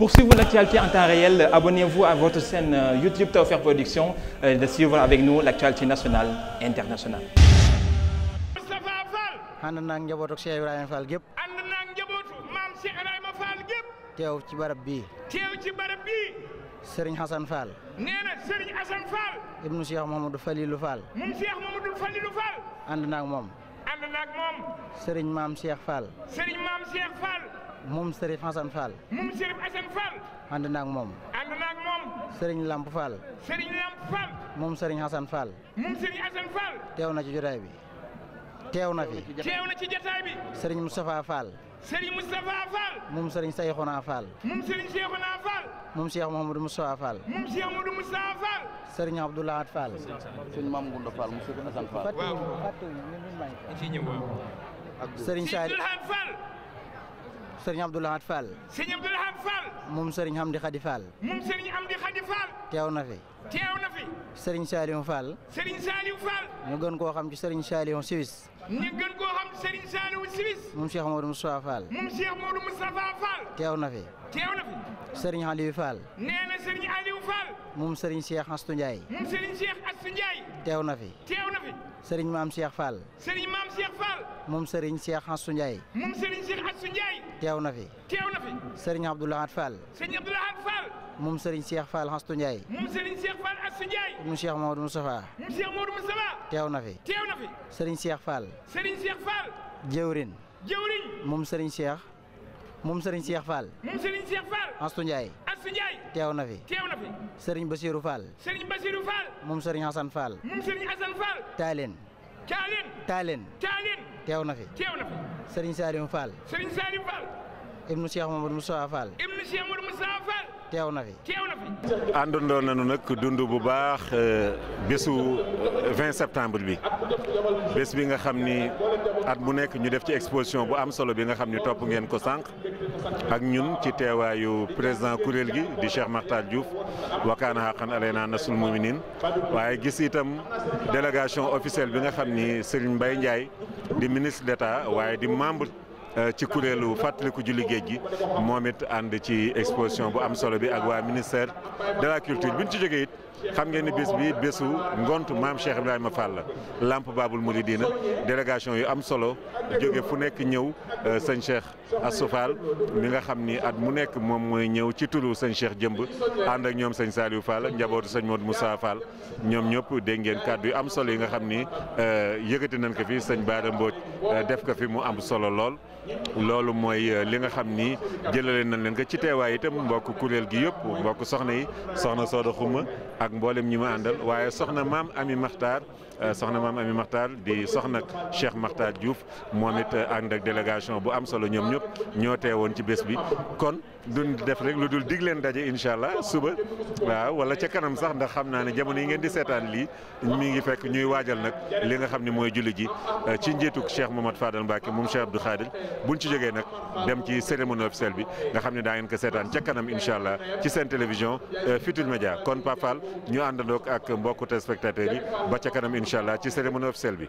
Pour suivre l'actualité en temps réel, abonnez-vous à votre chaîne euh, YouTube Tawfekh Production et euh, suivre avec nous l'actualité nationale internationale. ànd naag njabootu Cheikh Ibrahima Fall gépp. ànd naag njabootu maam Cheikh Ibrahima Fall gépp. teew ci barab bii. teew ci barab bii. Serigne Hassan Fall. nee na Hassan Fall. ibnu Cheikh Mouhamadou Falilou Fall. moom Cheikh Mouhamadou Falilou Fall. ànd naag moom. ànd naag moom Serigne Assane Fall. moom Serigne Assane Fall. ànd na ak moom. ànd na ak moom. Serigne Lamp Fall. Serigne Lamp Fall. moom Serigne Assane Fall. moom Serigne Assane Fall. teew na ci jotaay bi. teew na fi. teew na ci jotaay bi. Serigne Moustapha Fall. Serigne Moustapha Fall. moom Serigne Cheikhouna Fall. moom Serigne Cheikhouna Fall. moom Cheikh Mouhamadou Moustapha Fall. moom Cheikh Mouhamadou Moustapha Fall. Serigne Abdoulahat Fall. Serigne Mame Gounda Fall moom Serigne Assane Fall. waaw fàttewuñu fàttewuñu ñun ñu ngi may. ak Serigne Saliou Fall. sëriñ Abdou Lahad Fall. sëriñ Abdou Lahad Fall. moom sëriñ Amdi Khady Fall. moom sëriñ Amdi Khady Fall. teew na fi. teew na fi. sëriñ Saliou Fall. sëriñ Saliou Fall. ñu gën koo xam ci sëriñ Saliou Siwis. ñu gën koo xam ci sëriñ Saliou Siwis. moom Cheikh Modou Moustapha Fall. moom Cheikh Modou Moustapha Fall. teew na fi. teew na fi. sëriñ Aliou Fall. nee na sëriñ Aliou Fall. moom sëriñ Cheikh Astou Ndiaye. moom sëriñ Cheikh Astou Ndiaye. teew na fi. teew na fi. sëriñ Maam Cheikh Fall. sëriñ Maam Cheikh Fall. moom Serigne Cheikh Assou Ndiaye. moom Serigne Cheikh Assou Ndiaye. teew na fi. teew na fi. Serigne Abdou Lahad Fall. Serigne Abdou Lahad Fall. moom Serigne Cheikh Fall Assou Ndiaye. moom Serigne Cheikh Fall Assou Ndiaye. moom Cheikh Mamadou Moustapha. moom Cheikh Mamadou Moustapha. teew na fi. teew na fi. Serigne Cheikh Fall. Serigne Cheikh Fall. Jëwrin. Jëwrin. moom Serigne Cheikh. moom Serigne Cheikh Fall. moom Serigne Cheikh Fall. Assou Ndiaye. Assou Ndiaye. teew na fi. teew na fi. Serigne Bassirou Fall. Serigne Bassirou Fall. moom Serigne Assane Fall. moom Serigne Assane Fall. Taaleen. Taaleen. Taaleen. Taaleen. teew na fi. teew na fi. Serigne Saliou Fall. Serigne Saliou Fall. ibnu Cheikh Mamadou Moustapha Fall. ibnu Cheikh Mamadou Moustapha Fall. teew na fi. nañu nag dund bu baax euh, bésu 20 septembre bi bés bi nga xam ni at mu nekk ñu def ci exposition bu am solo bi nga xam ni topp ngeen ko sànq ak ñun ci teewaayu président kuréel gi di Cheikh Makhtar Diouf naa xaqan alayna nasul muminin waaye gis itam délégation officielle bi nga xam ni Serigne Mbaye Ndiaye di ministre d'État waaye di membre. Euh, ci kuréelu fàttaliku julli géej gi moom it ànd ci exposition bu am solo bi ak waa ministère de culture bi ñu ci jógee it xam ngeen ni bés bi bésu ngont maam Cheikh ma Fall la Lamp Baabul Muridina délégation yu am solo jóge fu nekk ñëw euh, sëñ Cheikh Assou Fall mi nga xam ni at mu nekk moom mooy ñëw ci turu sëñ Cheikh jëmb ànd ak ñoom sëñ Saliou Fall njabootu sëñ Modou Moussa Fall ñoom ñëpp dégg ngeen kàddu yu am solo yi nga xam ni euh, yëkkati nañ ko fi sëñ Baara Mbodj def ko fi mu am solo lool. loolu mooy euh, li nga xam ni jëlale nañ leen ko ci teewaay itam mbokk kuréel gi yëpp mbokk soxna yi soxna Sooda Xuma ak mboolem ñi ma àndal waaye soxna maam Ami Maxtaar euh, soxna maam Ami Maxtaar di soxna Cheikh Maxtaar Diouf moo nit euh, ànd ak délégation bu am solo ñoom ñëpp ñoo teewoon ci bés bi kon duñ def rek lu dul dig leen daje incha allah suba waaw wala ca kanam sax ndax xam naa ne jamono yi ngeen di seetaan lii mi ngi fekk ñuy waajal nag li nga xam ne mooy julli ji euh, ci njiitu Cheikh Mohamad Fadal Mbacke moom Cheikh Abdou Khadir buñ ci jógee nag dem ci cérémonie officielle bi nga xam ne daa ngeen ko seetaan ca kanam incha allah ci seen télévision euh, Futurs Médias kon Pape ñu àndandoog ak mbokkute téléspectateurs yi ba ca kanam incha allah ci cérémonie officielle bi.